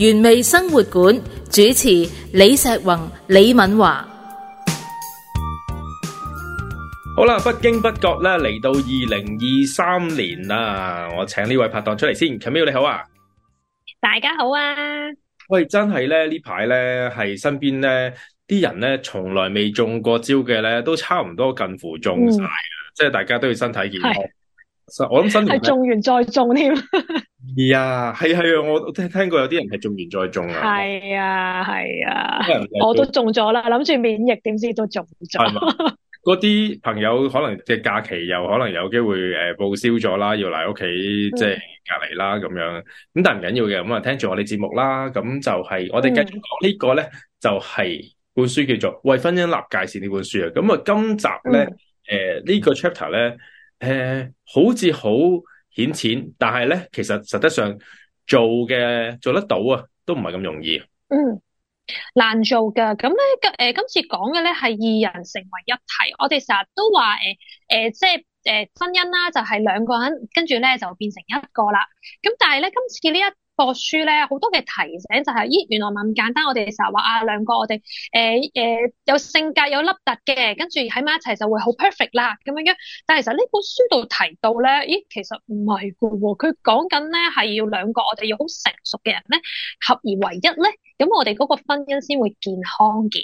原味生活館主持李碩宏、李敏華，好啦，不經不覺咧，嚟到二零二三年啦，我請呢位拍檔出嚟先，Camille，你好啊，大家好啊，喂，真係咧呢排咧係身邊咧啲人咧，從來未中過招嘅咧，都差唔多近乎中晒啊、嗯，即係大家都要身體健康，我諗新年係中完再中添。 係啊，係係啊，我聽我聽過有啲人係中完再中啊，係啊係啊，我都中咗啦，諗住免疫點知都中唔中。嗰啲 朋友可能嘅假期又可能有機會誒、呃、報銷咗、呃嗯、啦，要嚟屋企即係隔離啦咁樣，咁但係唔緊要嘅，咁啊聽住我哋節目啦，咁就係、是、我哋繼續講、嗯這個、呢個咧，就係、是、本書叫做《為婚姻立界線》呢本書啊，咁啊今集咧誒呢、嗯呃這個 chapter 咧誒、呃、好似好。顯淺，但係咧，其實實質上做嘅做得到啊，都唔係咁容易，啊。嗯，難做噶。咁咧，呃，今誒今次講嘅咧係二人成為一體。我哋成日都話誒誒，即係誒婚姻啦，就係、是、兩個人跟住咧就變成一個啦。咁但係咧今次呢一個書咧好多嘅提醒就係、是，咦原來唔係咁簡單。我哋成日話啊，兩個我哋誒誒有性格有凹凸嘅，跟住喺埋一齊就會好 perfect 啦咁樣。但係其實呢本書度提到咧，咦其實唔係嘅喎。佢講緊咧係要兩個我哋要好成熟嘅人咧合而為一咧，咁我哋嗰個婚姻先會健康嘅。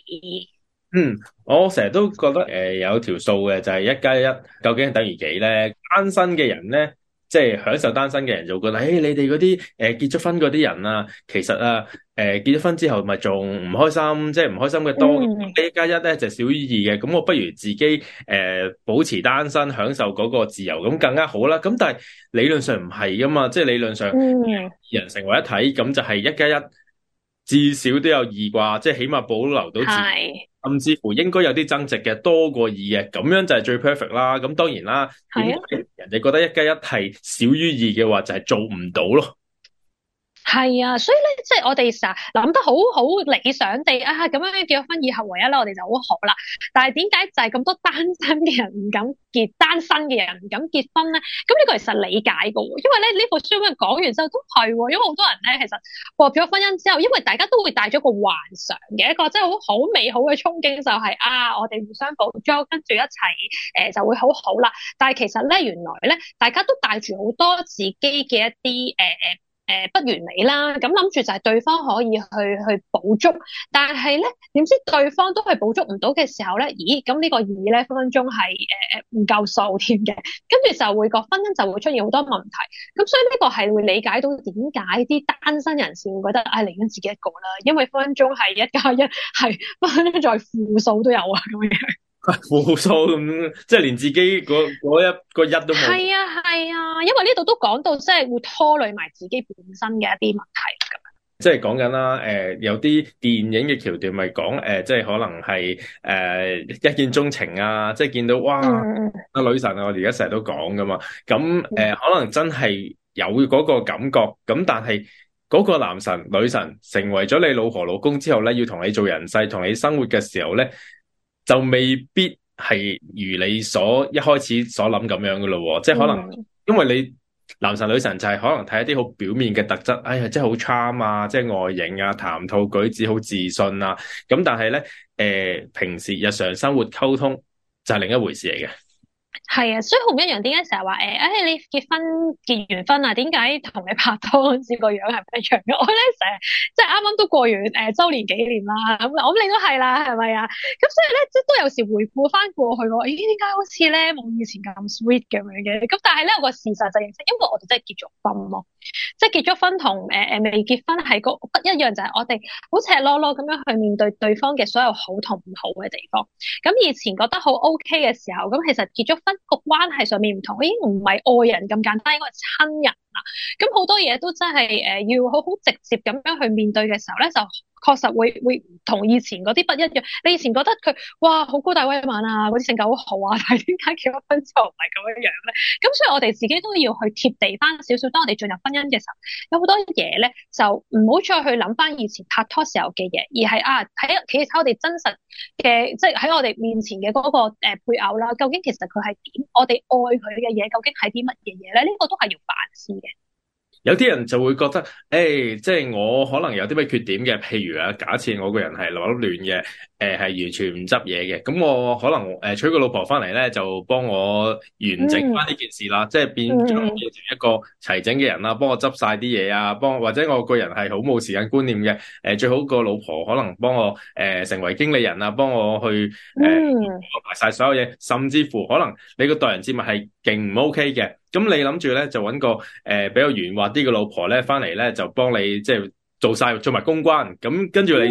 嗯，我成日都覺得誒、呃、有條數嘅就係、是、一加一究竟等於幾咧？單身嘅人咧。即係享受單身嘅人就覺得，誒、哎，你哋嗰啲誒結咗婚嗰啲人啊，其實啊，誒、呃、結咗婚之後咪仲唔開心，即係唔開心嘅多，嗯、一加一咧就係少於二嘅，咁我不如自己誒、呃、保持單身，享受嗰個自由，咁更加好啦。咁但係理論上唔係噶嘛，即係理論上、嗯、二人成為一體，咁就係一加一，至少都有二啩，即係起碼保留到自己。甚至乎應該有啲增值嘅多過二嘅，咁樣就係最 perfect 啦。咁當然啦，點解人哋覺得一加一係少於二嘅話，就係、是、做唔到咯。係啊，所以咧，即係我哋成日諗得好好理想地啊，咁樣結咗婚以後唯一咧，我哋就好好啦。但係點解就係咁多單身嘅人唔敢結，單身嘅人唔敢結婚咧？咁呢個其實理解嘅，因為咧呢部書咁樣講完之後都係，因為好多人咧其實過咗婚姻之後，因為大家都會帶咗個幻想嘅一個即係好好美好嘅憧憬，就是，就係啊，我哋互相補足，跟住一齊誒、呃、就會好好啦。但係其實咧，原來咧，大家都帶住好多自己嘅一啲誒誒。呃誒、呃，不完美啦，咁諗住就係對方可以去去補足，但係咧，點知對方都係補足唔到嘅時候咧，咦，咁呢個二咧分分鐘係誒誒唔夠數添嘅，跟、呃、住就會個婚姻就會出現好多問題，咁所以呢個係會理解到點解啲單身人士會覺得唉，寧願自己一個啦，因為分分鐘係一加一係分分鐘再負數都有啊咁樣。冇數咁，即係連自己嗰一個一都冇。係啊係啊，因為呢度都講到，即係會拖累埋自己本身嘅一啲問題。咁即係講緊啦，誒、呃，有啲電影嘅橋段咪講，誒、呃，即係可能係誒、呃、一見鍾情啊，即係見到哇、嗯、女神啊，我哋而家成日都講噶嘛。咁、嗯、誒、呃，可能真係有嗰個感覺，咁但係嗰個男神女神成為咗你老婆老公之後咧，要同你做人世，同你生活嘅時候咧。就未必係如你所一開始所諗咁樣噶咯，即係可能因為你男神女神就係可能睇一啲好表面嘅特質，哎呀，即係好 charm 啊，即係外形啊，談吐舉止好自信啊，咁但係咧，誒、呃、平時日常生活溝通就係另一回事嚟嘅。係啊，所以好唔一樣。點解成日話誒，誒、哎、你結婚結完婚啊？點解同你拍拖嗰陣時個樣係唔一樣嘅？我咧成日，即係啱啱都過完誒周年紀念啦，咁我你都係啦，係咪啊？咁所以咧，即都有時回顧翻過去，咦、哎？點解好似咧冇以前咁 sweet 咁樣嘅？咁但係咧個事實就係、是，因為我哋真係結咗婚咯，即係結咗婚同誒誒未結婚係個不一樣，就係、是、我哋好赤裸裸咁樣去面對對方嘅所有好同唔好嘅地方。咁以前覺得好 OK 嘅時候，咁其實結咗。個關係上面唔同，已經，唔係愛人咁簡單，應該係親人。咁好多嘢都真係誒，要好好直接咁樣去面對嘅時候咧，就確實會會同以前嗰啲不一樣。你以前覺得佢，哇，好高大威猛啊，嗰啲性格好豪啊，但係點解結咗婚之後唔係咁樣樣咧？咁所以我哋自己都要去貼地翻，少少。當我哋進入婚姻嘅時候，有好多嘢咧，就唔好再去諗翻以前拍拖時候嘅嘢，而係啊喺，企喺我哋真實嘅，即係喺我哋面前嘅嗰個誒配偶啦。究竟其實佢係點？我哋愛佢嘅嘢，究竟係啲乜嘢嘢咧？呢個都係要反思。有啲人就會覺得，誒、哎，即係我可能有啲咩缺點嘅，譬如啊，假設我個人係落得亂嘅，誒、呃，係完全唔執嘢嘅，咁我可能誒、呃、娶個老婆翻嚟咧，就幫我完整翻呢件事啦，嗯、即係變咗變成一個齊整嘅人啦，幫我執晒啲嘢啊，幫或者我個人係好冇時間觀念嘅、呃，最好個老婆可能幫我誒、呃、成為經理人啊，幫我去誒埋晒所有嘢，甚至乎可能你個待人接物係勁唔 OK 嘅。咁你諗住咧就揾個誒、呃、比較圓滑啲嘅老婆咧翻嚟咧就幫你即係做晒做埋公關，咁跟住你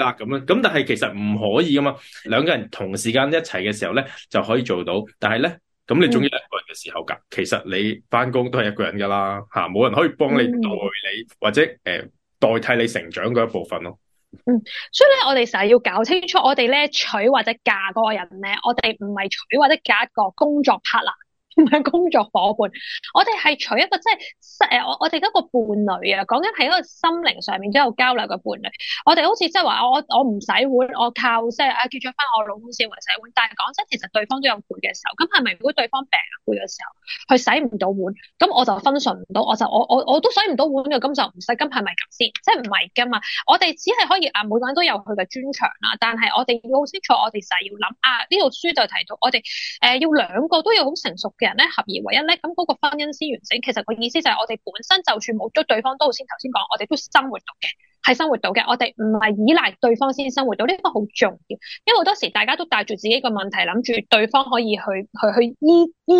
啦咁、嗯、樣。咁但係其實唔可以噶嘛，兩個人同時間一齊嘅時候咧就可以做到，但係咧咁你總要一個人嘅時候噶、嗯，其實你翻工都係一個人噶啦吓，冇、啊、人可以幫你代你、嗯、或者誒、呃、代替你成長嗰一部分咯。嗯，所以咧我哋成日要搞清楚我呢，我哋咧娶或者嫁嗰個人咧，我哋唔係娶或者嫁一個工作 partner。唔係工作伙伴，我哋係除一個即係誒，我我哋一個伴侶啊，講緊係一個心靈上面都有交流嘅伴侶。我哋好似即係話我我唔洗碗，我靠即係啊結咗婚，我老公先嚟洗碗。但係講真，其實對方都有攰嘅時候。咁係咪如果對方病攰嘅時候，佢洗唔到碗，咁我就分神唔到，我就我我我都洗唔到碗嘅，咁就唔使。咁係咪咁先？即係唔係噶嘛？我哋只係可以啊，每個人都有佢嘅專長啦。但係我哋要好清楚，我哋就係要諗啊。呢套書就提到，我哋誒、呃、要兩個都要好成熟。人咧合而為一咧，咁嗰個婚姻先完整。其實個意思就係我哋本身就算冇咗對方都好，先頭先講，我哋都生活到嘅，係生活到嘅。我哋唔係依賴對方先生活到，呢個好重要。因為好多時大家都帶住自己個問題，諗住對方可以去去去醫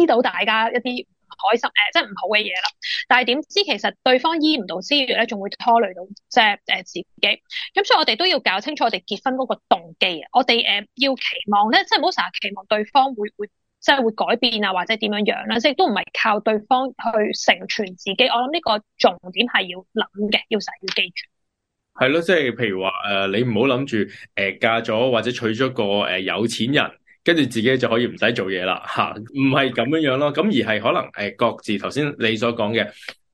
醫到大家一啲唔開心，誒即係唔好嘅嘢啦。但係點知其實對方醫唔到之餘咧，仲會拖累到即係誒自己。咁所以我哋都要搞清楚我哋結婚嗰個動機啊。我哋誒、呃、要期望咧，即係唔好成日期望對方會會。即係會改變啊，或者點樣樣啦，即係都唔係靠對方去成全自己。我諗呢個重點係要諗嘅，要成日要記住。係咯，即係譬如話誒，你唔好諗住誒嫁咗或者娶咗個誒有錢人，跟住自己就可以唔使做嘢啦吓，唔係咁樣樣咯。咁而係可能誒各自頭先你所講嘅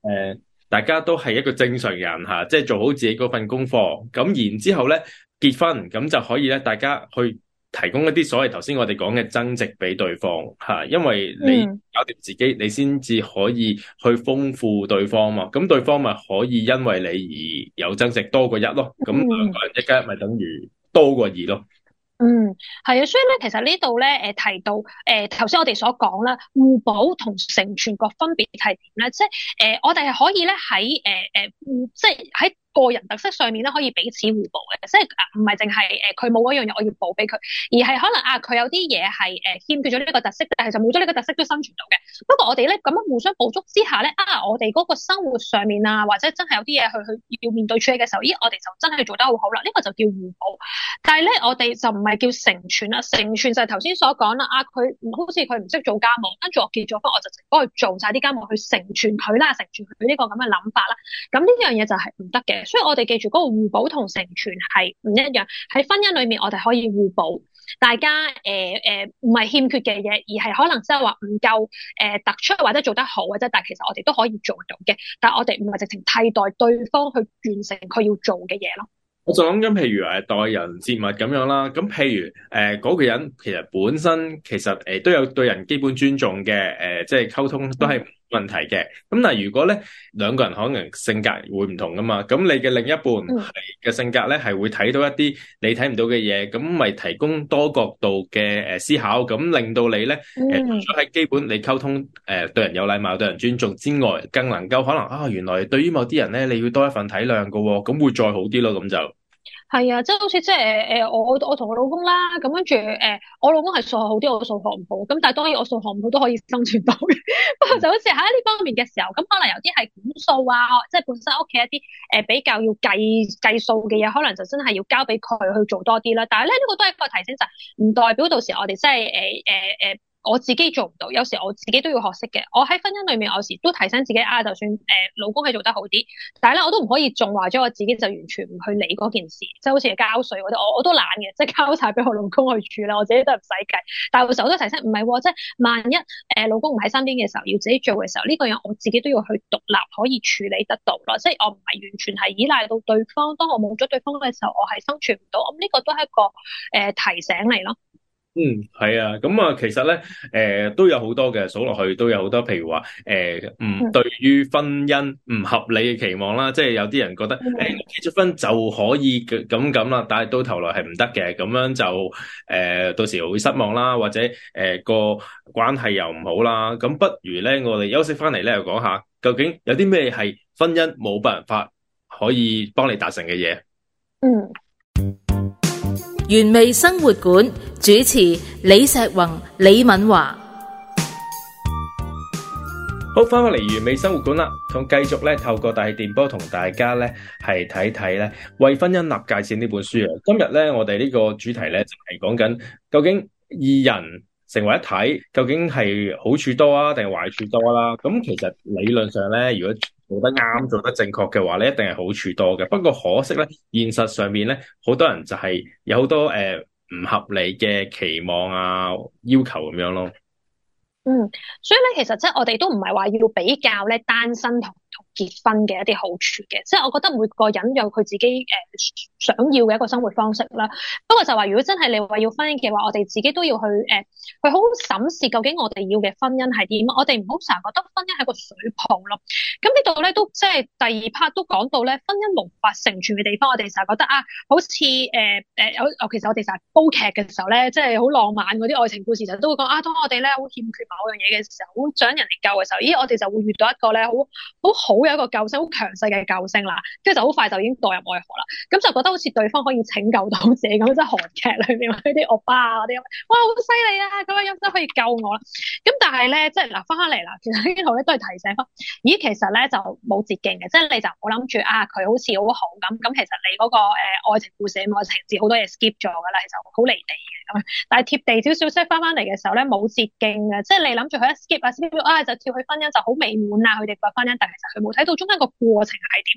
誒，大家都係一個正常人吓，即係做好自己嗰份功課，咁然之後咧結婚，咁就可以咧大家去。提供一啲所謂頭先我哋講嘅增值俾對方吓，因為你搞掂自己，嗯、你先至可以去豐富對方嘛。咁對方咪可以因為你而有增值多過一咯。咁兩個人一加一咪等於多過二咯。嗯，係啊，所以咧，其實這裡呢度咧，誒提到誒頭先我哋所講啦，互補同成全各分別係點咧？即係誒、呃，我哋係可以咧喺誒誒，即係喺。個人特色上面咧可以彼此互補嘅，即係唔係淨係誒佢冇一樣嘢我要補俾佢，而係可能啊佢有啲嘢係誒欠缺咗呢個特色，但係就冇咗呢個特色都生存到嘅。不過我哋咧咁樣互相補足之下咧，啊我哋嗰個生活上面啊或者真係有啲嘢去去要面對處理嘅時候，咦我哋就真係做得好好啦，呢個就叫互補。但係咧我哋就唔係叫成全啦，成全就係頭先所講啦啊佢好似佢唔識做家務，跟住我結咗婚我就成日幫佢做晒啲家務去成全佢啦，成全佢呢個咁嘅諗法啦。咁呢樣嘢就係唔得嘅。所以我哋記住嗰個互補同成全係唔一樣，喺婚姻裏面我哋可以互補，大家誒誒唔係欠缺嘅嘢，而係可能即係話唔夠誒突出或者做得好啊，即係但係其實我哋都可以做到嘅，但係我哋唔係直情替代對方去完成佢要做嘅嘢咯。我就諗緊，譬如誒待人接物咁樣啦，咁譬如誒嗰個人其實本身其實誒都有對人基本尊重嘅，誒即係溝通都係、嗯。問題嘅，咁但係，如果咧兩個人可能性格會唔同噶嘛，咁你嘅另一半係嘅、mm. 性格咧，係會睇到一啲你睇唔到嘅嘢，咁咪提供多角度嘅誒思考，咁令到你咧誒、mm. 除咗喺基本你溝通誒、呃、對人有禮貌、對人尊重之外，更能夠可能啊，原來對於某啲人咧，你要多一份體諒噶、哦，咁會再好啲咯，咁就。係啊，即係好似即係誒誒，我我同我,我老公啦，咁跟住誒，我老公係數學好啲，我數學唔好，咁但係當然我數學唔好都可以生存到嘅，不、嗯、過 就好似喺呢方面嘅時候，咁可能有啲係管數啊，即係本身屋企一啲誒、呃、比較要計計數嘅嘢，可能就真係要交俾佢去做多啲啦。但係咧呢、這個都係一個提醒，就唔、是、代表到時我哋真係誒誒誒。呃呃我自己做唔到，有時我自己都要學識嘅。我喺婚姻裏面，有時都提醒自己啊，就算誒、呃、老公係做得好啲，但係咧我都唔可以縱壞咗我自己就完全唔去理嗰件事，即係好似交稅嗰啲，我我都懶嘅，即係交晒俾我老公去處理，我自己都唔使計。但係有時候我都提醒，唔係喎，即係萬一誒、呃、老公唔喺身邊嘅時候，要自己做嘅時候，呢、這個人我自己都要去獨立可以處理得到咯，即係我唔係完全係依賴到對方。當我冇咗對方嘅時候，我係生存唔到。咁、嗯、呢、這個都係一個誒、呃、提醒嚟咯。嗯，係啊，咁啊，其實咧，誒、呃，都有好多嘅，數落去都有好多，譬如話，誒、呃，唔對於婚姻唔合理嘅期望啦，嗯、即係有啲人覺得，誒、嗯，結、呃、咗婚就可以咁咁啦，但係到頭來係唔得嘅，咁樣就，誒、呃，到時會失望啦，或者，誒、呃，個關係又唔好啦，咁不如咧，我哋休息翻嚟咧，又講下究竟有啲咩係婚姻冇辦法可以幫你達成嘅嘢。嗯。原味生活館主持李碩宏、李敏華，好，翻返嚟原味生活館啦，仲繼續咧透過大氣電波同大家咧係睇睇咧《為婚姻立界線》呢本書啊，今日咧我哋呢個主題咧就係、是、講緊究竟二人。成為一體，究竟係好處多啊，定係壞處多啦啊？咁其實理論上咧，如果做得啱，做得正確嘅話咧，一定係好處多嘅。不過可惜咧，現實上面咧，好多人就係有好多誒唔呃合理嘅期望啊、要求咁樣咯。嗯，所以咧，其實即係我哋都唔係話要比較咧，單身同。結婚嘅一啲好處嘅，即係我覺得每個人有佢自己誒、呃、想要嘅一個生活方式啦。不過就話，如果真係你話要婚姻嘅話，我哋自己都要去誒、呃、去好審視究竟我哋要嘅婚姻係點。我哋唔好成日覺得婚姻係個水泡咯。咁呢度咧都即係第二 part 都講到咧，婚姻無法成全嘅地方，我哋成日覺得啊，好似誒誒有尤其係我哋成日煲劇嘅時候咧，即係好浪漫嗰啲愛情故事，就都會講啊，當我哋咧好欠缺某樣嘢嘅時候，好想人嚟救嘅時候，咦，我哋就會遇到一個咧好好好。一個救星，好強勢嘅救星啦，跟住就好快就已經墮入愛河啦，咁就覺得好似對方可以拯救到自己咁， 即係韓劇裏邊嗰啲歐巴啊嗰啲，哇，好犀利啊，咁樣一真可以救我啦。咁但係咧，即係嗱翻翻嚟啦，其實呢度咧都係提醒翻，咦，其實咧就冇捷徑嘅，即係你就唔、啊、好諗住啊佢好似好好咁，咁其實你嗰、嗰個誒、呃、愛情故事嘅情節好多嘢 skip 咗噶啦，其實好離地但係貼地少少，即係翻翻嚟嘅時候咧，冇捷徑嘅，即係你諗住佢一 skip 啊 skip 啊就跳去婚姻就好美滿啊，佢哋嘅婚姻，但其實佢冇睇到中間個過程係點。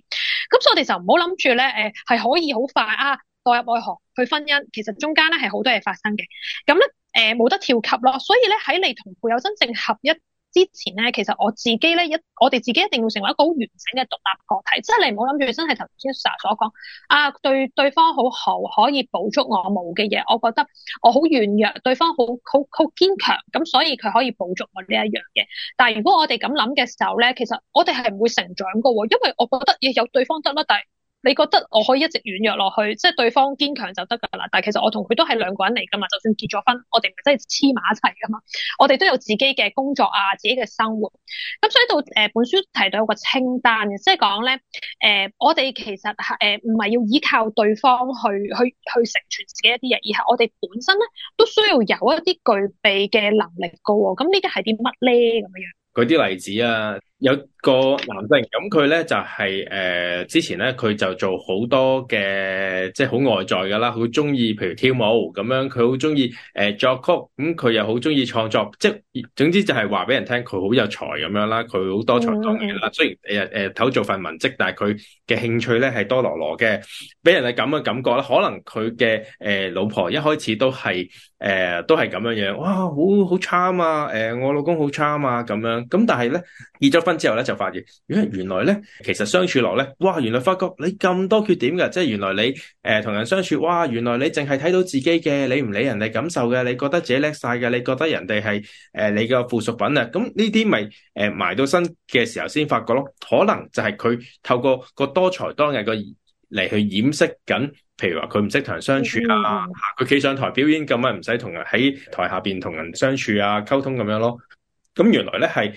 咁所以我哋就唔好諗住咧，誒、呃、係可以好快啊墮入愛河去婚姻，其實中間咧係好多嘢發生嘅。咁咧誒冇得跳級咯，所以咧喺你同配偶真正合一之前咧，其實我自己咧一，我哋自己一定要成為一個好完整嘅獨立個體，即係你唔好諗住真係頭先 Sir 所講，啊對對方好可可以補足我冇嘅嘢，我覺得我好軟弱，對方好好好堅強，咁所以佢可以補足我呢一樣嘢。但係如果我哋咁諗嘅時候咧，其實我哋係唔會成長嘅喎，因為我覺得要有對方得啦，但係你覺得我可以一直軟弱落去，即係對方堅強就得噶啦？但係其實我同佢都係兩個人嚟噶嘛，就算結咗婚，我哋唔係真係黐埋一齊噶嘛，我哋都有自己嘅工作啊，自己嘅生活。咁所以到誒，本書提到有個清單，即係講咧，誒、呃，我哋其實係誒，唔係要依靠對方去去去成全自己一啲嘢，而係我哋本身咧都需要有一啲具備嘅能力噶。咁呢啲係啲乜咧？咁樣舉啲例子啊。有個男性，咁佢咧就係、是、誒、呃，之前咧佢就做好多嘅，即係好外在噶啦，好中意，譬如跳舞咁樣，佢好中意誒作曲，咁、嗯、佢又好中意創作，即係總之就係話俾人聽佢好有才咁樣啦，佢好多才多藝啦，okay. 雖然誒誒頭，做份文職，但係佢嘅興趣咧係多羅羅嘅，俾人哋咁嘅感覺啦。可能佢嘅誒老婆一開始都係誒、呃、都係咁樣樣，哇，好好差啊，誒、呃、我老公好差啊咁樣，咁但係咧結咗之後咧就發現，原來咧其實相處落咧，哇！原來發覺你咁多缺點嘅，即係原來你誒同、呃、人相處，哇！原來你淨係睇到自己嘅，你唔理人哋感受嘅，你覺得自己叻晒嘅，你覺得人哋係誒你嘅附屬品啊！咁呢啲咪誒埋到身嘅時候先發覺咯，可能就係佢透過個多才多藝個嚟去掩飾緊，譬如話佢唔識同人相處啊，佢企上台表演咁啊，唔使同人喺台下邊同人相處啊，溝通咁樣咯。咁原來咧係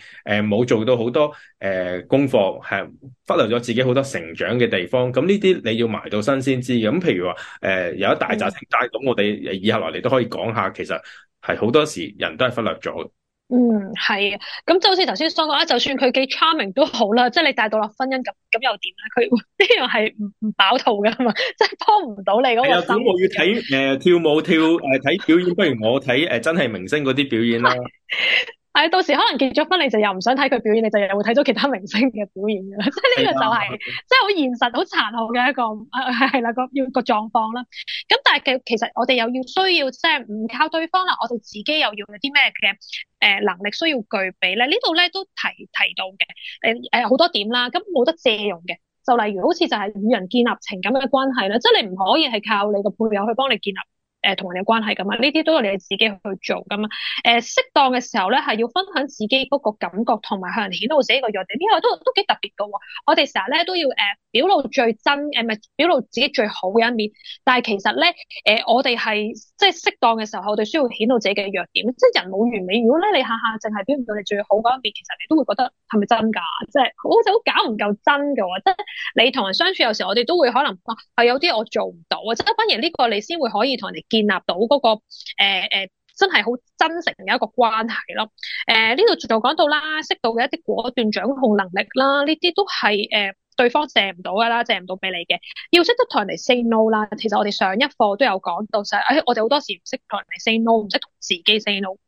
冇做到好多、呃、功課，係忽略咗自己好多成長嘅地方。咁呢啲你要埋到身先知。咁譬如話、呃、有一大紮成低，咁我哋以下落嚟都可以講下，其實係好多時人都係忽略咗。嗯，係啊。咁就好似頭先所講，就算佢幾 charming 都好啦，即係你帶到落婚姻咁，咁又點咧？佢呢樣係唔唔飽肚㗎嘛，即係幫唔到你嗰個生活。要睇、呃、跳舞跳睇、呃、表演，不如我睇、呃、真係明星嗰啲表演啦。 係，到時可能結咗婚，你就又唔想睇佢表演，你就又會睇到其他明星嘅表演嘅，即係呢個就係即係好現實、好殘酷嘅一個誒係啦個個狀況啦。咁但係其其實我哋又要需要即係唔靠對方啦，我哋自己又要有啲咩嘅誒能力需要具備咧？呢度咧都提提到嘅誒誒好多點啦。咁冇得借用嘅，就例如好似就係與人建立情感嘅關係啦，即係你唔可以係靠你嘅配偶去幫你建立。誒、呃、同人哋關係咁啊，呢啲都係你哋自己去做噶嘛。誒、呃、適當嘅時候咧，係要分享自己嗰個感覺，同埋向人顯露自己個弱點，呢個都都幾特別噶、哦。我哋成日咧都要誒、呃、表露最真，誒、呃、唔係表露自己最好嘅一面。但係其實咧，誒、呃、我哋係即係適當嘅時候，我哋需要顯露自己嘅弱點，即係人冇完美。如果咧你下下淨係表現到你最好嗰一面，其實你都會覺得係咪真㗎？即係我就好搞唔夠真㗎、哦。即係你同人相處，有時我哋都會可能係有啲我做唔到，啊。」即係反而呢個你先會可以同人哋建立到嗰、那個誒、呃、真係好真誠嘅一個關係咯。誒、呢度就有講到啦，識到嘅一啲果斷掌控能力啦，呢啲都係誒、呃、對方借唔到噶啦，借唔到俾你嘅，要識得同人哋 say no 啦。其實我哋上一課都有講到，就係我哋好多時唔識同人哋 say no，唔識自己 say no，誒、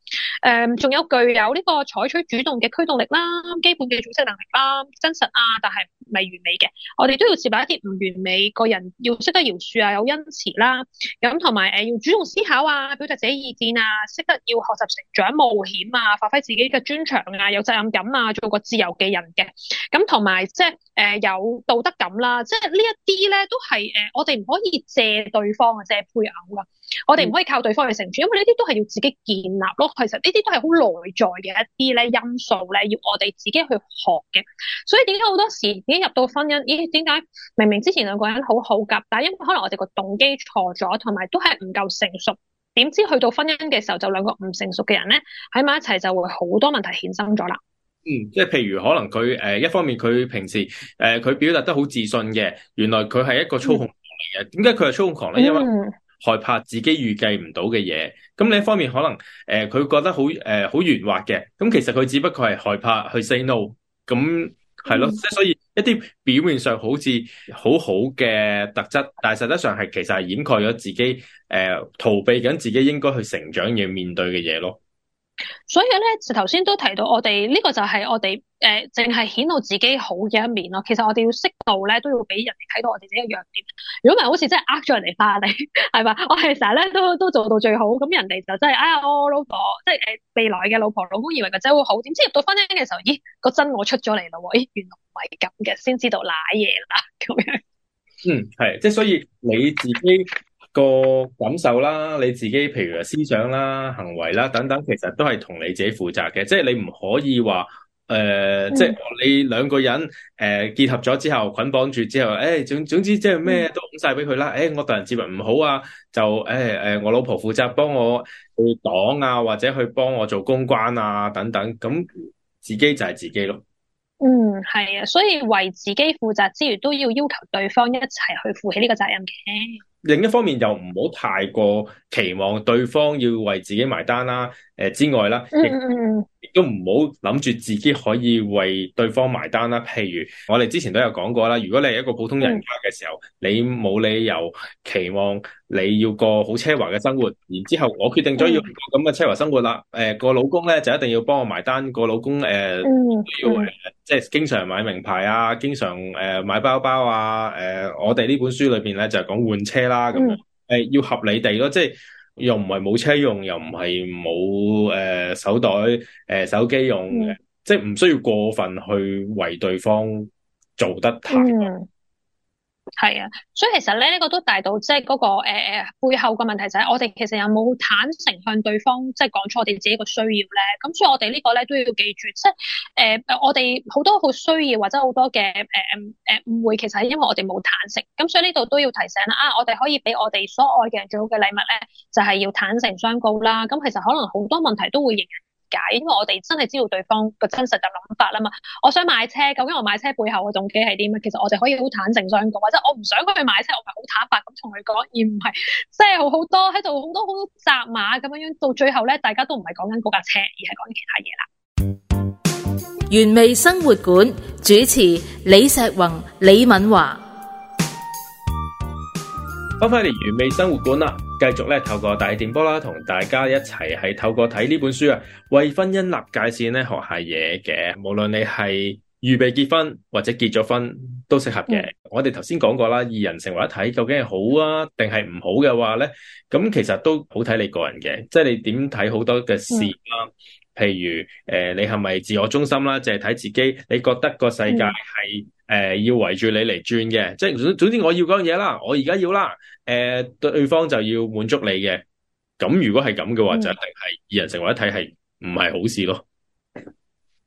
嗯，仲有具有呢個採取主動嘅驅動力啦，基本嘅組織能力啦，真實啊，但係唔係完美嘅。我哋都要設立一啲唔完美個人，要識得饒恕啊，有恩慈啦，咁同埋要主動思考啊，表達自己意見啊，識得要學習成長冒險啊，發揮自己嘅專長啊，有責任感啊，做個自由嘅人嘅。咁同埋即係有道德感啦，即、就、係、是、呢一啲咧都係、呃、我哋唔可以借對方啊，借配偶噶。我哋唔可以靠對方去成全，因為呢啲都係要自己建立咯。其實呢啲都係好內在嘅一啲咧因素咧，要我哋自己去學嘅。所以點解好多時已經入到婚姻咦？點、欸、解明明之前兩個人好好夾，但係因為可能我哋個動機錯咗，同埋都係唔夠成熟，點知去到婚姻嘅時候就兩個唔成熟嘅人咧喺埋一齊就會好多問題衍生咗啦。嗯，即係譬如可能佢、呃、一方面佢平時誒佢、呃、表達得好自信嘅，原來佢係一個操控狂嚟嘅。點解佢係操控狂咧、嗯？因為害怕自己預計唔到嘅嘢，咁另一方面可能誒佢、呃、覺得好誒好圓滑嘅，咁其實佢只不過係害怕去 say no，咁係咯，即係、嗯、所以一啲表面上好似好好嘅特質，但係實質上係其實係掩蓋咗自己誒、呃、逃避緊自己應該去成長要面對嘅嘢咯。所以咧，就頭先都提到我，我哋呢個就係我哋誒，淨係顯露自己好嘅一面咯。其實我哋要適度咧，都要俾人哋睇到我哋自己嘅弱點。如果唔係，好似真係呃咗人哋翻嚟，係嘛？我係成日咧都都做到最好，咁人哋就真係哎呀，我老婆即係誒未來嘅老婆老公，以為個仔會好，點知入到婚姻嘅時候，咦、個真我出咗嚟咯，咦原來唔係咁嘅，先知道瀨嘢啦，咁樣。嗯，係即係，所以你自己。 個感受啦，你自己，譬如思想啦、行為啦等等，其實都係同你自己負責嘅。即係你唔可以話誒、呃嗯，即係你兩個人誒、呃、結合咗之後捆綁住之後，誒、哎、總總之即係咩都捧晒俾佢啦。誒、嗯哎，我待人接物唔好啊，就誒誒、哎呃，我老婆負責幫我去擋啊，或者去幫我做公關啊，等等。咁自己就係自己咯。嗯，係啊，所以為自己負責之餘，都要要求對方一齊去負起呢個責任嘅。另一方面又唔好太過期望對方要為自己埋單啦，呃，之外啦，亦，都唔好諗住自己可以為對方埋單啦。譬如我哋之前都有講過啦，如果你係一個普通人家嘅時候，嗯、你冇理由期望你要過好奢華嘅生活。然後之後我決定咗要咁嘅奢華生活啦，誒、嗯、個、呃、老公咧就一定要幫我埋單。個老公誒、呃嗯、要、呃、即係經常買名牌啊，經常誒、呃、買包包啊。誒、呃，我哋呢本書裏邊咧就係講換車啦，咁、嗯、樣、呃、要合理地咯，即係。又唔係冇車用，又唔係冇誒手袋誒、呃、手機用嘅、嗯、即係唔需要過分去為對方做得太係啊，所以其實咧呢、這個都帶到即係嗰個誒誒、呃、背後嘅問題就係我哋其實有冇坦誠向對方即係講出我哋自己個需要咧？咁所以我哋呢個咧都要記住，即係誒我哋好多好需要或者好多嘅誒誒誤會，其實係因為我哋冇坦誠。咁所以呢度都要提醒啦，啊，我哋可以俾我哋所愛嘅人最好嘅禮物咧，就係、是、要坦誠相告啦。咁其實可能好多問題都會影響。解，因為我哋真係知道對方個真實嘅諗法啦嘛。我想買車，究竟我買車背後嘅動機係啲乜？其實我哋可以好坦誠相告，或者我唔想佢去買車，我咪好坦白咁同佢講，而唔係即係好好多喺度好多好多扎馬咁樣樣，到最後咧，大家都唔係講緊嗰架車，而係講緊其他嘢啦。原味生活館主持李碩宏、李敏華，翻返嚟原味生活館啦。繼續，咧，透過大電波啦，同大家一齊係透過睇呢本書啊，為婚姻立界線呢，學下嘢嘅，無論你係預備結婚或者結咗婚。都適合嘅。我哋頭先講過啦，二人成為一體究竟係好啊，定係唔好嘅話咧？咁其實都好睇你個人嘅，即係你點睇好多嘅事啦、嗯。譬如誒、呃，你係咪自我中心啦？淨係睇自己，你覺得個世界係誒、嗯呃、要圍住你嚟轉嘅？即係總，總之我，我要嗰樣嘢啦，我而家要啦，誒對方就要滿足你嘅。咁如果係咁嘅話，嗯、就一定係二人成為一體係唔係好事咯。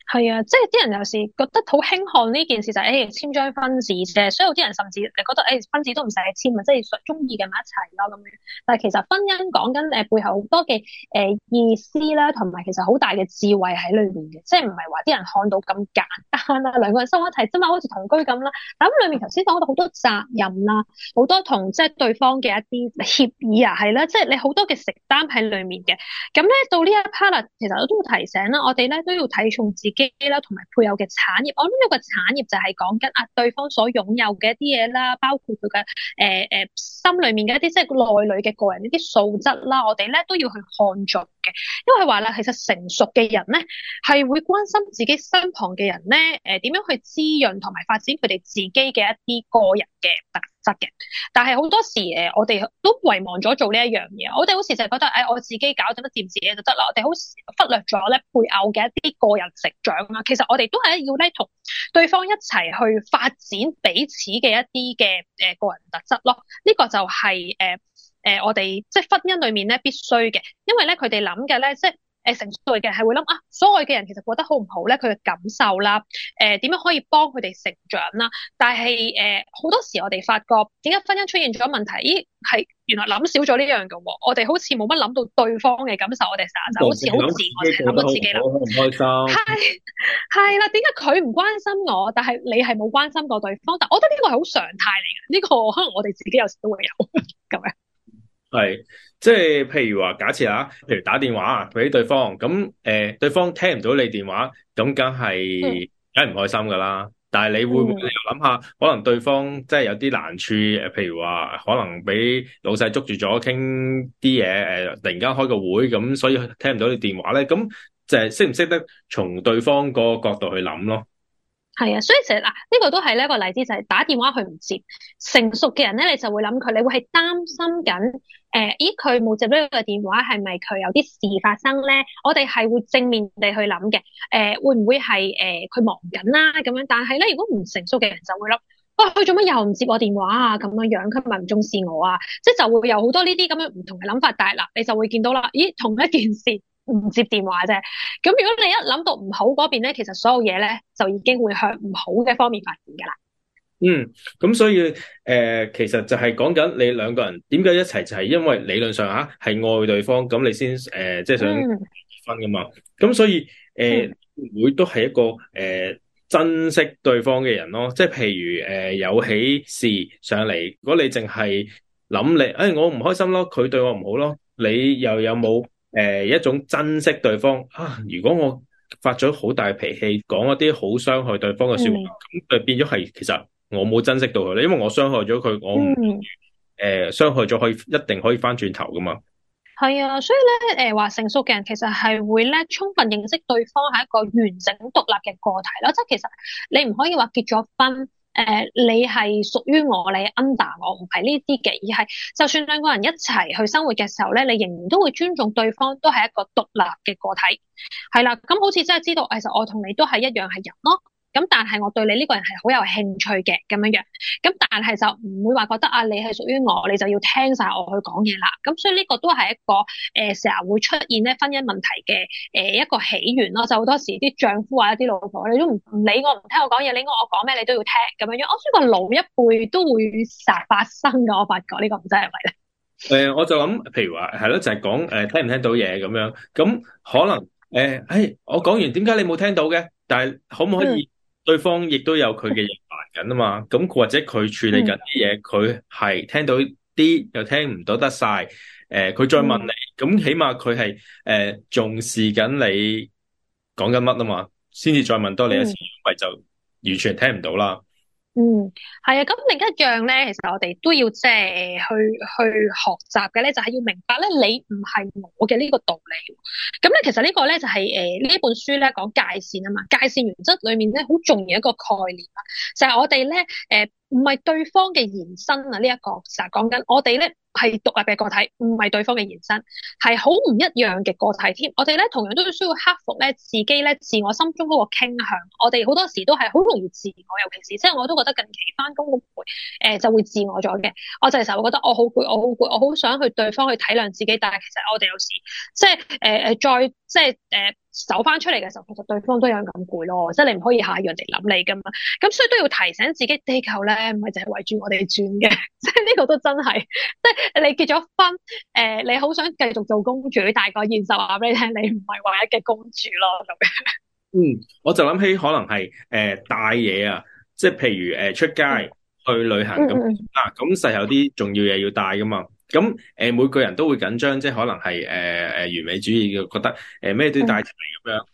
係啊，即係啲人有時覺得好輕看呢件事，就係誒簽張婚紙。所以有啲人甚至你覺得誒婚紙都唔使簽啊，即係想中意嘅咪一齊咯咁樣。但係其實婚姻講緊誒背後好多嘅誒意思啦，同埋其實好大嘅智慧喺裏面嘅，即係唔係話啲人看到咁簡單啦，兩個人生活一齊啫嘛，好似同居咁啦。但咁裏面頭先講到好多責任啦，好多同即係對方嘅一啲協議啊，係啦，即係你好多嘅承擔喺裏面嘅。咁咧到呢一 part 啦，其實都都提醒啦，我哋咧都要睇重自。機啦，同埋配偶嘅產業。我諗呢個產業就係講緊啊，對方所擁有嘅一啲嘢啦，包括佢嘅誒誒。呃呃心裏面嘅一啲即係內裏嘅個人一啲素質啦，我哋咧都要去看着嘅，因為佢話咧，其實成熟嘅人咧係會關心自己身旁嘅人咧，誒、呃、點樣去滋潤同埋發展佢哋自己嘅一啲個人嘅特質嘅。但係好多時誒，我哋都遺忘咗做呢一樣嘢，我哋好似就係覺得誒、哎，我自己搞得掂自己就得啦，我哋好忽略咗咧配偶嘅一啲個人成長啊。其實我哋都係要咧同對方一齊去發展彼此嘅一啲嘅誒個人特質咯，呢、這個。就係誒誒，我哋即係婚姻裏面咧必須嘅，因為咧佢哋諗嘅咧即係。成熟嘅人係會諗啊，所愛嘅人其實過得好唔好咧，佢嘅感受啦，誒、呃，點樣可以幫佢哋成長啦？但係誒，好、呃、多時我哋發覺，點解婚姻出現咗問題？咦，係原來諗少咗呢樣嘅，我哋好似冇乜諗到對方嘅感受，我哋成日就好似好自、自我，諗到自己啦，唔開心，係係啦，點解佢唔關心我？但係你係冇關心過對方？但我覺得呢個係好常態嚟嘅，呢、呢個可能我哋自己有時都會有咁樣。 係，即係譬如話假設啊，譬如打電話俾對方，咁誒、呃，對方聽唔到你電話，咁梗係梗係唔開心噶啦。但係你會唔會又諗下，可能對方即係有啲難處誒？譬如話可能俾老細捉住咗傾啲嘢，誒、呃，突然間開個會，咁所以聽唔到你電話咧，咁就係識唔識得從對方個角度去諗咯？係啊，所以其實嗱呢個都係一個例子，就係、是、打電話佢唔接。成熟嘅人咧，你就會諗佢，你會係擔心緊誒、呃？咦，佢冇接呢個電話係咪佢有啲事發生咧？我哋係會正面地去諗嘅。誒、呃，會唔會係誒佢忙緊啦咁樣？但係咧，如果唔成熟嘅人就會諗，哇、啊，佢做乜又唔接我電話啊？咁樣樣，佢咪唔重視我啊？即、就、係、是、就會有好多呢啲咁樣唔同嘅諗法。但係嗱，你就會見到啦，咦，同一件事。唔接電話啫，咁如果你一諗到唔好嗰邊咧，其實所有嘢咧就已經會向唔好嘅方面發展噶啦。嗯，咁所以誒、呃，其實就係講緊你兩個人點解一齊，就係、是、因為理論上吓，係、啊、愛對方，咁你先誒即係想結婚噶嘛。咁、嗯、所以誒、呃嗯、會都係一個誒、呃、珍惜對方嘅人咯。即係譬如誒、呃、有喜事上嚟，如果你淨係諗你，哎我唔開心咯，佢對我唔好咯，你又有冇？誒、呃，一種珍惜對方啊！如果我發咗好大脾氣，講一啲好傷害對方嘅說話，咁、嗯、就變咗係其實我冇珍惜到佢啦，因為我傷害咗佢，我誒傷、呃、害咗可以一定可以翻轉頭噶嘛。係、嗯、啊，所以咧誒，話成熟嘅人其實係會咧充分認識對方係一個完整獨立嘅個體囉，即係其實你唔可以話結咗婚。誒、呃，你係屬於我，你 under 我，唔係呢啲嘅，而係就算兩個人一齊去生活嘅時候咧，你仍然都會尊重對方，都係一個獨立嘅個體，係啦，咁好似真係知道，其實我同你都係一樣係人咯。咁但係我對你呢個人係好有興趣嘅咁樣樣，咁但係就唔會話覺得啊你係屬於我，你就要聽晒我去講嘢啦。咁所以呢個都係一個誒成日會出現咧婚姻問題嘅誒、呃、一個起源咯。就好、是、多時啲丈夫或者啲老婆，你都唔理我唔聽我講嘢，你我我講咩你都要聽咁樣樣。我知個老一輩都會成日發生噶，我發覺呢個唔真係咪咧？誒，我就諗，譬如話係咯，就係講誒聽唔聽到嘢咁樣，咁可能誒，哎、呃、我講完點解你冇聽到嘅？但係可唔可以、嗯？對方亦都有佢嘅嘢煩緊啊嘛，咁或者佢處理緊啲嘢，佢係聽到啲又聽唔到得晒。誒、呃、佢再問你，咁、嗯、起碼佢係誒重視緊你講緊乜啊嘛，先至再問多你一次，咪、嗯、就完全聽唔到啦。嗯，係啊，咁另一樣咧，其實我哋都要即係、呃、去去學習嘅咧，就係要明白咧，你唔係我嘅呢個道理。咁咧，其實呢個咧就係誒呢本書咧講界線啊嘛，界線原則裏面咧好重要一個概念啦，就係、是、我哋咧誒唔係對方嘅延伸啊呢一個，就係講緊我哋咧。係獨立嘅個體，唔係對方嘅延伸，係好唔一樣嘅個體添。我哋咧同樣都要需要克服咧自己咧自我心中嗰個傾向。我哋好多時都係好容易自我，尤其是即係我都覺得近期翻工咁攰，誒、呃、就會自我咗嘅。我就係成日會覺得我好攰，我好攰，我好想去對方去體諒自己，但係其實我哋有時即係誒誒再即係誒。呃走翻出嚟嘅時候，其實對方都有咁攰咯，即、就、係、是、你唔可以下一人哋諗你噶嘛，咁所以都要提醒自己，地球咧唔係淨係圍住我哋轉嘅，即 呢個都真係，即、就、係、是、你結咗婚，誒、呃、你好想繼續做公主，但係個現實話俾你聽，你唔係唯一嘅公主咯，咁樣。嗯，我就諗起可能係誒帶嘢啊，即係譬如誒、呃、出街去旅行咁、嗯嗯、啊，咁實有啲重要嘢要帶噶嘛。咁誒，每個人都會緊張，即係可能係誒誒完美主義嘅覺得，誒、呃、咩都要帶齊咁樣。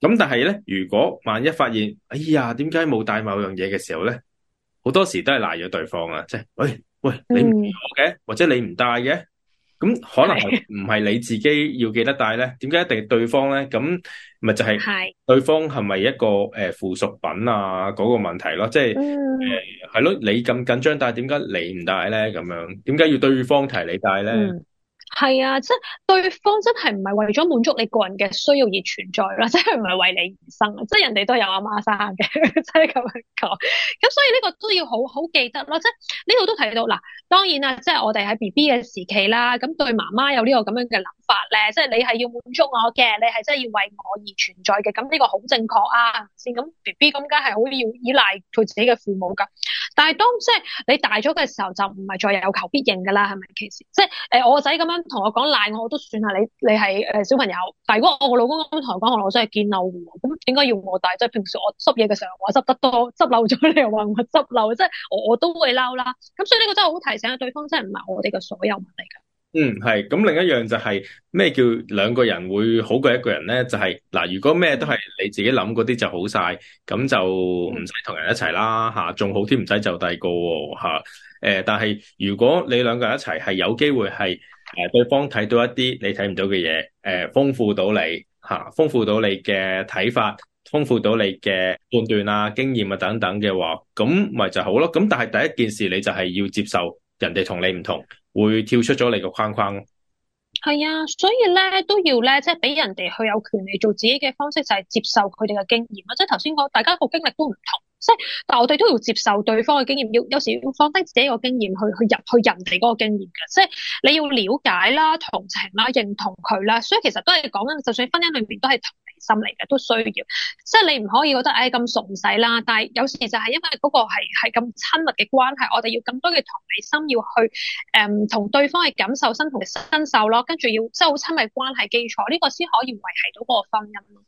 咁但係咧，如果萬一發現，哎呀，點解冇帶某樣嘢嘅時候咧，好多時都係賴咗對方啊！即係，喂喂，你唔見我嘅、嗯，或者你唔帶嘅。咁可能係唔係你自己要記得帶咧？點 解一定要對方咧？咁咪就係對方係咪一個誒、呃、附屬品啊？嗰、個問題咯，即係誒係咯，你咁緊張，但係點解你唔帶咧？咁樣點解要對方提你帶咧？ 嗯係啊，即係對方真係唔係為咗滿足你個人嘅需要而存在啦，即係唔係為你而生啊！即係人哋都有阿媽生嘅，即係咁樣講。咁所以呢個都要好好記得咯，即係呢度都提到啦，當然啦，即係我哋喺 B B 嘅時期啦，咁對媽媽有呢個咁樣嘅諗法咧，即係你係要滿足我嘅，你係真係要為我而存在嘅。咁呢個好正確啊，係咪先？咁 B B 咁梗係好要依賴佢自己嘅父母噶。但係當即係你大咗嘅時候，就唔係再有求必應噶啦，係咪？其實即係誒，我仔咁樣。同我講賴我，我都算係你，你係誒小朋友。但如果我個老公咁同我講，我老公係見漏嘅，咁應該要我大。即係平時我執嘢嘅時候，我執得多，執漏咗，你又話我執漏，即係我我都會嬲啦。咁所以呢個真係好提醒啊，對方真係唔係我哋嘅所有問題噶。嗯，係。咁另一樣就係咩叫兩個人會好過一個人咧？就係嗱，如果咩都係你自己諗嗰啲就好晒，咁就唔使同人一齊啦，吓，嗯，仲好啲，唔使就第二個吓。誒，但係如果你兩個人一齊係有機會係。誒、呃，對方睇到一啲你睇唔到嘅嘢，誒、呃，豐富到你吓，豐、啊、富到你嘅睇法，豐富到你嘅判斷啊、經驗啊等等嘅話，咁咪就好咯。咁但係第一件事，你就係要接受人哋同你唔同，會跳出咗你個框框。係啊，所以咧都要咧，即係俾人哋去有權利做自己嘅方式，就係，是，接受佢哋嘅經驗或者即係頭先講，大家個經歷都唔同。即係，但我哋都要接受對方嘅經驗，要有時要放低自己個經驗去去入去人哋嗰個經驗嘅，即係你要了解啦、同情啦、認同佢啦，所以其實都係講緊，就算婚姻裏邊都係同理心嚟嘅，都需要，即係你唔可以覺得誒咁強勢啦，但係有時就係因為嗰個係係咁親密嘅關係，我哋要咁多嘅同理心要去誒同、嗯、對方去感受身同身受咯，跟住要即係好親密關係基礎呢個先可以維繫到嗰個婚姻咯。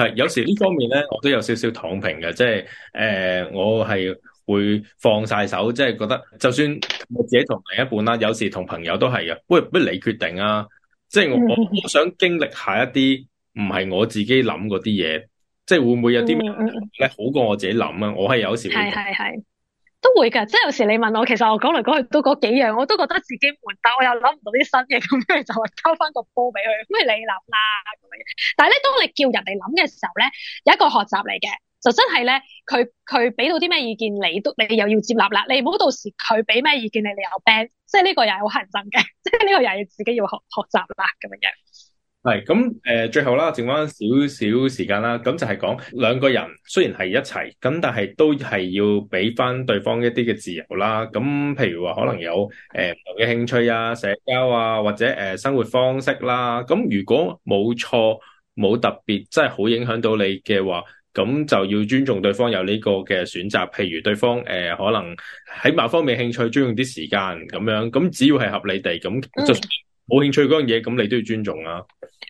係，有時呢方面咧，我都有少少躺平嘅，即係誒、呃，我係會放晒手，即係覺得就算我自己同另一半啦，有時同朋友都係嘅，喂，不如你決定啊！即係我，我想經歷一下一啲唔係我自己諗嗰啲嘢，即係會唔會有啲咩好過我自己諗啊、嗯？我係有時會諗。係係係。都會噶，即係有時你問我，其實我講嚟講去都嗰幾樣，我都覺得自己悶，但我又諗唔到啲新嘢，咁樣就交翻個波俾佢，不如你諗啦咁樣。但係咧，當你叫人哋諗嘅時候咧，有一個學習嚟嘅，就真係咧，佢佢俾到啲咩意見，你都你又要接納啦。你唔好到時佢俾咩意見你，你又 ban，即係呢個又係好乞人憎嘅，即係呢個又要自己要學學習啦咁樣。係咁，誒，最後啦，剩翻少少時間啦，咁就係講兩個人雖然係一齊，咁但係都係要俾翻對方一啲嘅自由啦。咁譬如話可能有誒、呃、唔同嘅興趣啊、社交啊，或者誒、呃、生活方式啦。咁如果冇錯冇特別真係好影響到你嘅話，咁就要尊重對方有呢個嘅選擇。譬如對方誒、呃、可能喺某方面興趣，尊重啲時間咁樣。咁只要係合理地咁就。嗯冇興趣嗰樣嘢，咁你都要尊重啦。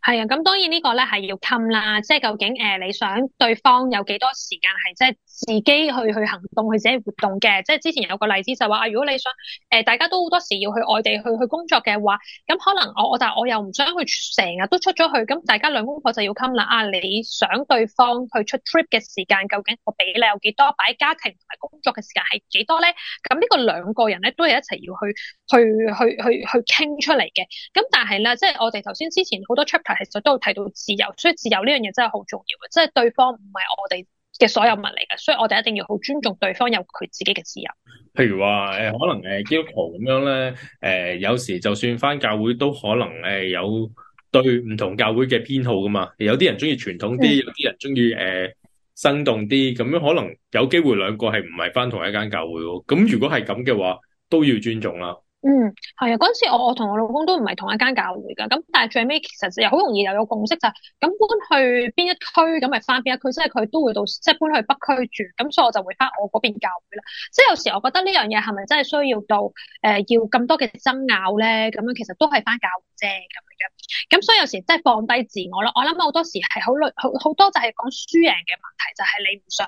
係啊，咁當然呢個咧係要襟啦，即係究竟誒、呃，你想對方有幾多時間，係即係。自己去去行動去自己活動嘅，即係之前有個例子就話啊，如果你想、呃、大家都好多時要去外地去去工作嘅話，咁可能我我但係我又唔想去成日都出咗去，咁大家兩公婆就要襟啦啊！你想對方去出 trip 嘅時間，究竟我畀你有幾多，擺喺家庭同埋工作嘅時間係幾多咧？咁呢個兩個人咧都係一齊要去去去去去傾出嚟嘅。咁但係咧，即係我哋頭先之前好多 chapter 其實都提到自由，所以自由呢樣嘢真係好重要嘅，即係對方唔係我哋嘅所有物嚟嘅，所以我哋一定要好尊重對方有佢自己嘅自由。譬如話誒、呃，可能誒基督徒咁樣咧，誒、呃、有時就算翻教會都可能誒、呃、有對唔同教會嘅偏好噶嘛。有啲人中意傳統啲，有啲人中意誒生動啲。咁樣可能有機會兩個係唔係翻同一間教會喎。咁如果係咁嘅話，都要尊重啦。嗯，係啊，嗰陣時我我同我老公都唔係同一間教會㗎，咁但係最尾其實又好容易又有共識就咁、是、搬去邊一區，咁咪返邊一區，即係佢都會到即係搬去北區住，咁所以我就會返我嗰邊教會啦。即係有時候我覺得呢樣嘢係咪真係需要到誒、呃、要咁多嘅爭拗咧？咁樣其實都係返教會啫咁樣，咁所以有時候即係放低自我咯。我諗好多時係好累，好好多就係講輸贏嘅問題，就係、是、你唔想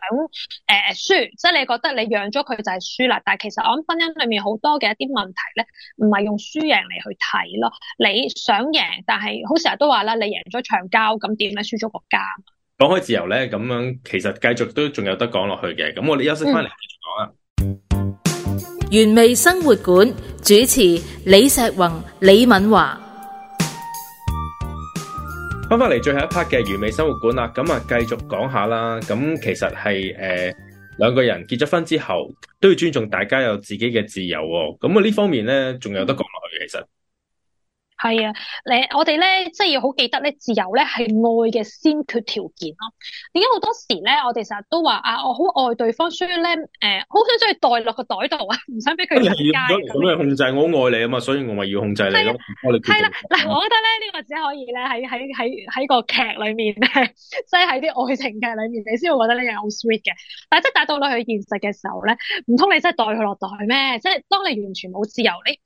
誒輸、呃，即係你覺得你養咗佢就係輸啦。但係其實我諗婚姻裏面好多嘅一啲問題咧。唔係用輸贏嚟去睇咯，你想贏，但係好成日都話啦，你贏咗長膠，咁點咧輸咗國家？講開自由咧，咁樣其實繼續都仲有得講落去嘅。咁我哋休息翻嚟繼續講啊。原、嗯、味生活館主持李碩宏、李敏華翻翻嚟最後一 part 嘅原味生活館啦，咁啊繼續講下啦。咁其實係，誒。呃兩個人結咗婚之後，都要尊重大家有自己嘅自由、哦。咁啊，呢方面咧，仲有得講落去嘅，其實。係啊，你我哋咧，即係要好記得咧，自由咧係愛嘅先決條件咯。點解好多時咧，我哋成日都話啊，我好愛，愛對方，所以咧，誒、呃，好想將佢袋落個袋度啊，唔想俾佢。咁要咁嘅控制，我好愛你啊嘛，所以我咪要控制你咯。係啦、啊，嗱、啊啊啊，我覺得咧，呢、這個只可以咧，喺喺喺喺個劇裏面咧，即係喺啲愛情劇裏面，你先會覺得呢樣好 sweet 嘅。但係即係帶到落去現實嘅時候咧，唔通你真係袋佢落袋咩？即係當你完全冇自由，你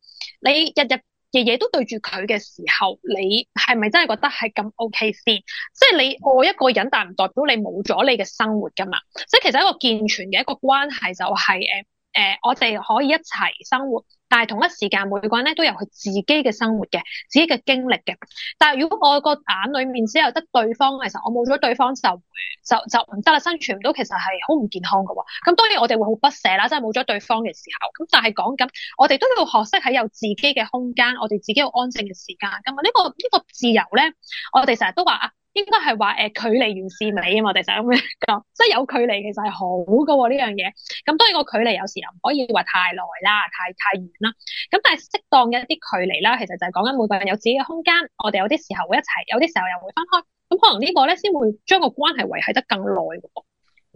你日日。嘢嘢都對住佢嘅時候，你係咪真係覺得係咁 OK 先？即係你愛一個人，但唔代表你冇咗你嘅生活㗎嘛。即係其實一個健全嘅一個關係就係、是、誒、呃呃、我哋可以一齊生活。但係同一時間，每個人咧都有佢自己嘅生活嘅，自己嘅經歷嘅。但係如果我個眼裏面只有得對方嘅時候，我冇咗對方就就就唔得啦，生存唔到，其實係好唔健康噶喎。咁當然我哋會好不捨啦，即係冇咗對方嘅時候。咁但係講緊，我哋都要學識喺有自己嘅空間，我哋自己有安靜嘅時間。咁啊、這個，呢個呢個自由咧，我哋成日都話啊。應該係話誒距離完善美啊嘛，我哋就咁樣講，即係有距離其實係好喎、啊。呢樣嘢。咁當然個距離有時又唔可以話太耐啦，太太遠啦。咁但係適當嘅一啲距離啦，其實就係講緊每個人有自己嘅空間。我哋有啲時候會一齊，有啲時候又會分開。咁可能個呢個咧先會將個關係維係得更耐、啊。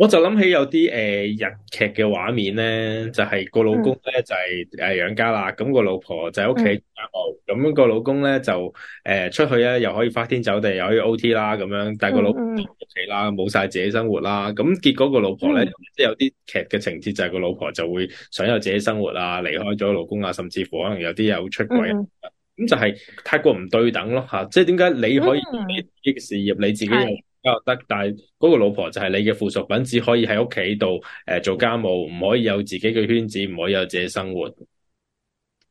我就諗起有啲誒日劇嘅畫面咧，就係、是、個老公咧、嗯、就係誒養家啦，咁、那個老婆就喺屋企家務，咁、嗯、個老公咧就誒、呃、出去咧又可以花天酒地，又可以 O T 啦咁樣，但係個老婆喺屋企啦，冇、嗯、晒自己生活啦，咁結果個老婆咧即係有啲劇嘅情節就係個老婆就會想有自己生活啊，離開咗老公啊，甚至乎可能有啲有出軌、啊，咁、嗯、就係太過唔對等咯吓，即係點解你可以自己嘅事業、嗯，你自己又、嗯？得，但係嗰個老婆就係你嘅附屬品，只可以喺屋企度誒做家務，唔可以有自己嘅圈子，唔可以有自己生活。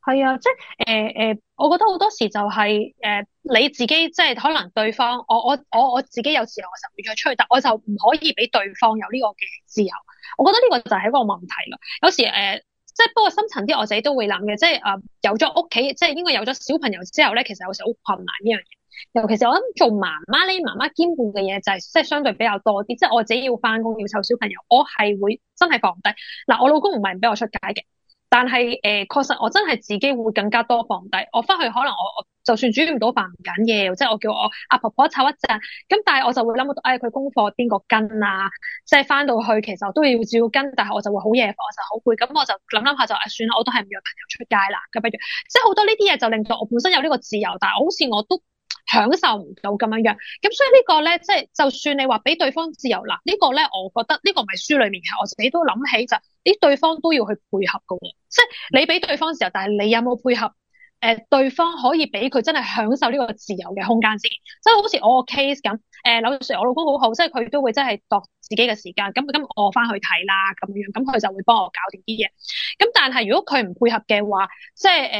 係啊，即係誒誒，我覺得好多時就係、是、誒、呃、你自己，即係可能對方，我我我我自己有時我就會再出去，但我就唔可以俾對方有呢個嘅自由。我覺得呢個就係一個問題啦。有時誒、呃，即係不過深層啲，我自己都會諗嘅，即係誒、呃、有咗屋企，即係應該有咗小朋友之後咧，其實有時好困難呢樣嘢。尤其是我諗做媽媽咧，媽媽兼顧嘅嘢就係即係相對比較多啲，即係我自己要翻工，要湊小朋友，我係會真係放低。嗱，我老公唔係唔俾我出街嘅，但係誒確實我真係自己會更加多放低。我翻去可能我我就算煮唔到飯唔緊嘢，即係我叫我阿婆幫我湊一陣，咁但係我就會諗到，哎佢功課邊個跟啊？即係翻到去其實都要照跟，但係我就會好夜瞓，我就好攰，咁我就諗諗下就誒算啦，我都係唔約朋友出街啦咁不如。即係好多呢啲嘢就令到我本身有呢個自由，但係好似我都。享受唔到咁樣樣，咁所以個呢個咧，即、就、係、是、就算你話俾對方自由，啦、這個、呢個咧，我覺得呢、這個唔係書裏面嘅，我自己都諗起就是，呢對方都要去配合嘅喎，即、就、係、是、你俾對方自由，但係你有冇配合？誒、呃、對方可以俾佢真係享受呢個自由嘅空間先，即係好似我個 case 咁，誒、呃，柳女我老公好好，即係佢都會真係度自己嘅時間，咁咁我翻去睇啦咁樣咁佢就會幫我搞掂啲嘢。咁但係如果佢唔配合嘅話，即係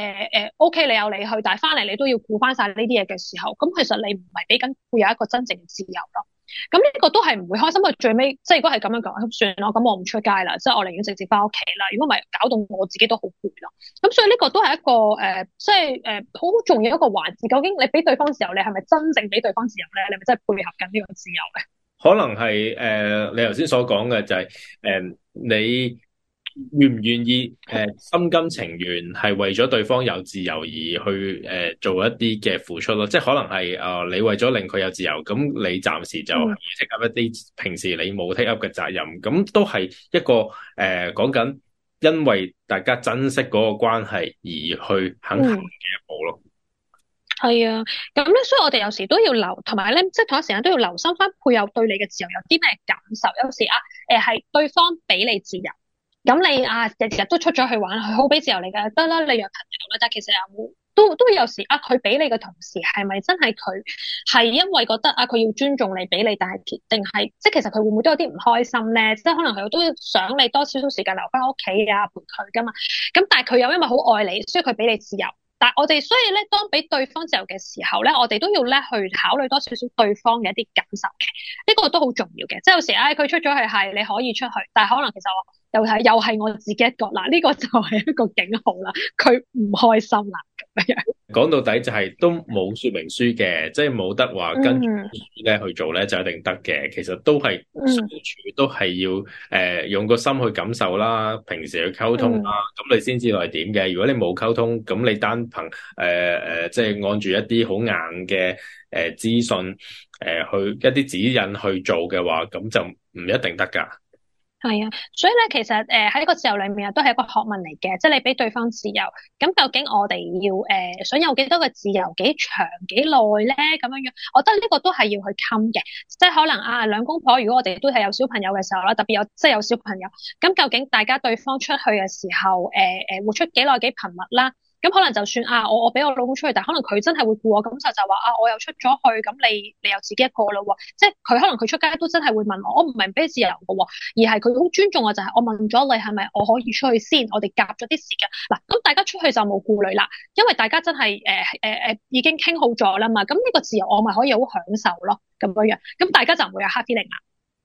誒 OK 你有你去，但係翻嚟你都要顧翻晒呢啲嘢嘅時候，咁其實你唔係俾緊會有一個真正嘅自由咯。咁呢個都係唔會開心啊！最尾即係如果係咁樣講，算咯，咁我唔出街啦，即係我寧願直接返屋企啦。如果唔係，搞到我自己都好攰咯。咁所以呢個都係一個誒，即係誒，好、就是呃、重要一個環節。究竟你俾對方自由，你係咪真正俾對方自由咧？你係咪真係配合緊呢個自由咧？可能係誒、呃，你頭先所講嘅就係、是、誒、呃，你。願唔願意？誒、呃，心甘情願係為咗對方有自由而去誒、呃、做一啲嘅付出咯，即係可能係誒、呃、你為咗令佢有自由，咁你暫時就 take up 一啲平時你冇 take up 嘅責任，咁都係一個誒講緊，因為大家珍惜嗰個關係而去肯行嘅一步咯。係、嗯、啊，咁咧，所以我哋有時都要留，有呢就是、同埋咧，即係同一時間都要留心翻配偶對你嘅自由有啲咩感受。有時啊，誒、呃、係對方俾你自由。咁你啊，日日都出咗去玩，佢好俾自由你㗎。得啦，你約朋友啦。但係其實有冇都都有時啊，佢俾你嘅同時，係咪真係佢係因為覺得啊，佢要尊重你俾你，但係定係即係其實佢會唔會都有啲唔開心咧？即係可能佢都想你多少少時間留翻屋企㗎，陪佢噶嘛。咁但係佢又因為好愛你，所以佢俾你自由。但係我哋，所以咧，當俾對方自由嘅時候咧，我哋都要咧去考慮多少少對方嘅一啲感受嘅，呢、這個都好重要嘅。即係有時咧，佢、哎、出咗去係，你可以出去，但係可能其實我又係又係我自己一個啦，呢、這個就係一個警號啦，佢唔開心啦咁樣。講到底就係都冇說明書嘅，即係冇得話跟住呢咧去做咧就一定得嘅、嗯。其實都係都係要誒、呃、用個心去感受啦，平時去溝通啦，咁、嗯、你先知道係點嘅。如果你冇溝通，咁你單憑誒誒即係按住一啲好硬嘅誒資訊誒去一啲指引去做嘅話，咁就唔一定得噶。係啊，所以咧，其實誒喺呢個自由裏面啊，都係一個學問嚟嘅。即係你俾對方自由，咁究竟我哋要誒想有幾多個自由，幾長幾耐咧？咁樣樣，我覺得呢個都係要去襟嘅。即係可能啊，兩公婆如果我哋都係有小朋友嘅時候啦，特別有即係有小朋友，咁究竟大家對方出去嘅時候，誒誒，活出幾耐、幾頻密啦？咁、嗯、可能就算啊，我我俾我老公出去，但係可能佢真係會顧我感受，就話啊，我又出咗去，咁你你又自己一個啦喎，即係佢可能佢出街都真係會問我，我唔係唔俾自由噶，而係佢好尊重我，就係我問咗你係咪我可以出去先，我哋夾咗啲時間，嗱，咁大家出去就冇顧慮啦，因為大家真係誒誒誒已經傾好咗啦嘛，咁呢個自由我咪可以好享受咯，咁樣樣，咁大家就唔會有 hard feeling 啦。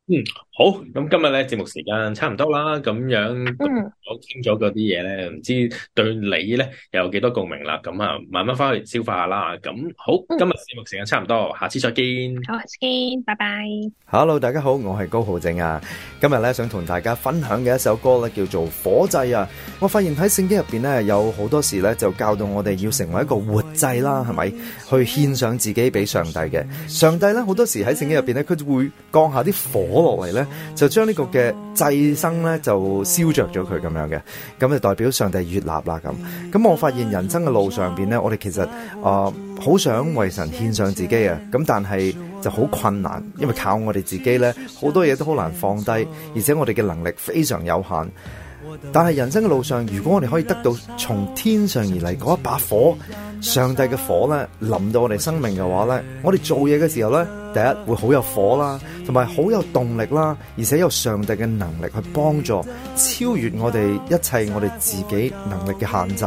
嗯，好，咁今日咧節目時間差唔多啦，咁樣我傾咗嗰啲嘢咧，唔、嗯、知對你咧又有幾多共鳴啦，咁啊慢慢翻去消化啦，咁好，嗯、今日節目時間差唔多，下次再見，好，下次見，拜拜。Hello，大家好，我係高浩正啊，今日咧想同大家分享嘅一首歌咧叫做《火祭》啊，我發現喺聖經入邊咧有好多時咧就教到我哋要成為一個活祭啦，係咪？去獻上自己俾上帝嘅，上帝咧好多時喺聖經入邊咧佢會降下啲火。火落嚟咧，就將呢個嘅祭牲咧，就燒着咗佢咁樣嘅，咁就代表上帝悅納啦咁。咁我發現人生嘅路上邊咧，我哋其實啊，好、呃、想為神獻上自己啊，咁但係就好困難，因為靠我哋自己咧，好多嘢都好難放低，而且我哋嘅能力非常有限。但係人生嘅路上，如果我哋可以得到從天上而嚟嗰一把火，上帝嘅火咧臨到我哋生命嘅話咧，我哋做嘢嘅時候咧。第一會好有火啦，同埋好有動力啦，而且有上帝嘅能力去幫助，超越我哋一切我哋自己能力嘅限制。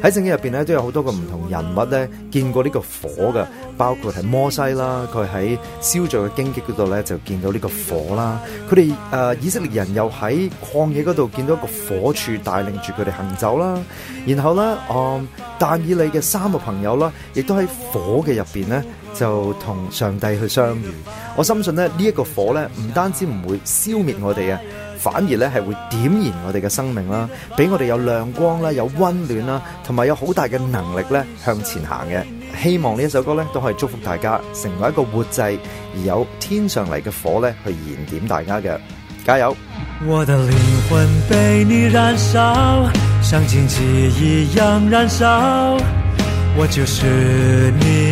喺聖經入邊咧，都有好多個唔同人物咧，見過呢個火嘅，包括係摩西啦，佢喺燒著嘅荊棘嗰度咧就見到呢個火啦。佢哋誒以色列人又喺曠野嗰度見到一個火柱帶領住佢哋行走啦。然後咧，哦、嗯、但以理嘅三個朋友啦，亦都喺火嘅入邊咧。就同上帝去相遇，我深信呢，呢一個火咧唔單止唔會消滅我哋啊，反而咧係會點燃我哋嘅生命啦，俾我哋有亮光啦，有溫暖啦，同埋有好大嘅能力咧向前行嘅。希望呢一首歌咧都可以祝福大家成為一個活祭而有天上嚟嘅火咧去燃點大家嘅，加油！我的靈魂被你燃燒，像荊棘一樣燃燒，我就是你。